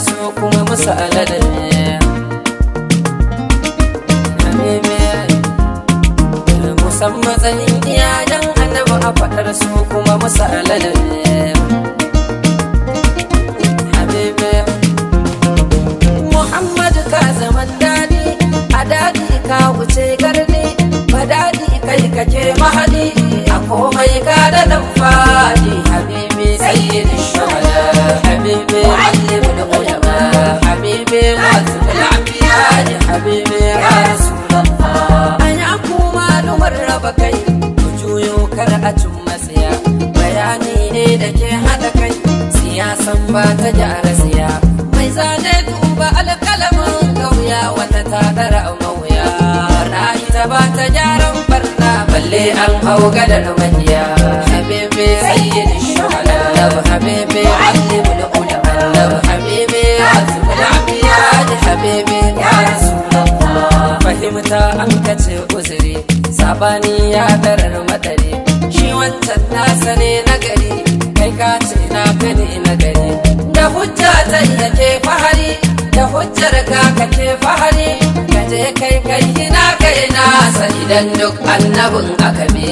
so kuma musu alade san matsayin iyayen annabi a faɗar su kuma musu alade habibi muhammadu ka zama daɗi a daɗi ka wuce gardi ba daɗi kai kake mahadi a komai ka da faɗi habibi sayyidin shuhada habibi habibi ya rasulallah anya kuma lumar raba kai ku juyo kar a cin matsaya bayani ne da ke hada kai siyasan ba ta gyara siya mai zane duba alƙalamin kauya wata ta ɗara mawuya ra'ayi ta ba ta gyaran barna balle an hau gadar manya habibi sayyidi shuhala love habibi allimul ulama love habibi azmul abiya habibi ya rasu an kace uzuri sabani ya darar madari shi wancan na sane na gari kai ka ce na gani na gari da hujja ta ke fahari da hujjar ka kake fahari ka je kai kai na kai na sai duk annabin aka bi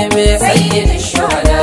ya me sayyin shuhada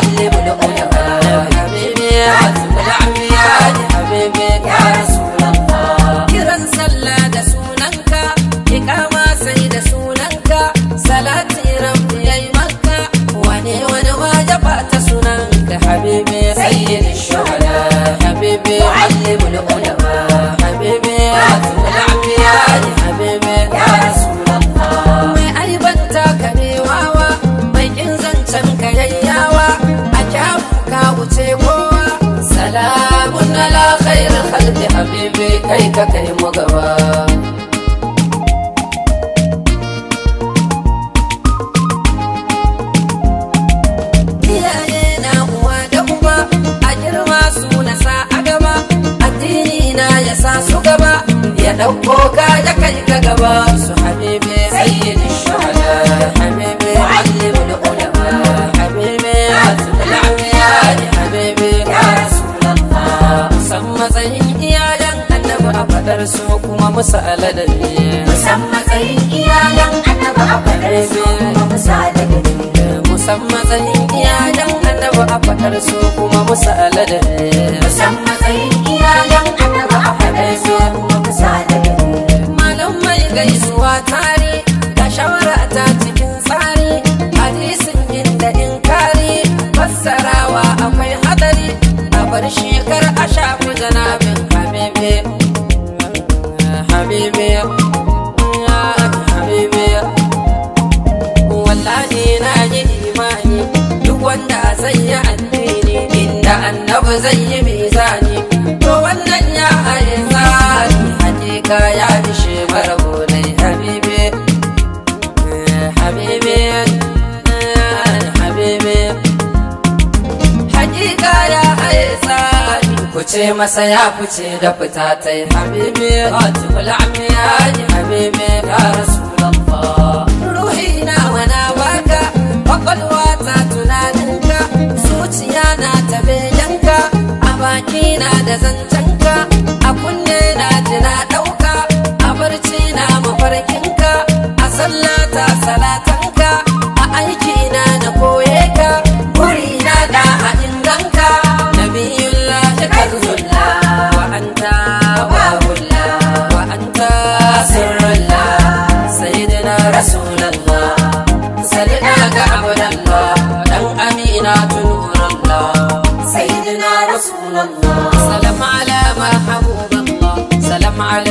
حبيبي سيد الشهداء حبيبي معلم العلماء حبيبي خاتم الأعمياء حبيبي يا رسول mai aibanta ka ne wawa mai kin zancen ka yayyawa a kyawu ka wuce kowa salamun ala khairul khalqi habibi kai ka kai mu gaba ya ɗauko ka ya kai ka gaba su habibi sayyidi shuhada habibi alimu da ulama habibi azumin amiya ne habibi ya rasulallah san matsayin iyalan annabi a fadar su kuma musu aladadi san matsayin iyalan annabi a fadar su kuma musu aladadi musamman matsayin iyalan annabi a fadar su kuma musu aladadi sarawa akwai hadari a bar shi kuce masa ya fice da fita ta yi habibi hajji kulami ya habibi ya rasu ruhi na wana زينات نور الله سيدنا رسول الله سلام على محبوب الله سلام على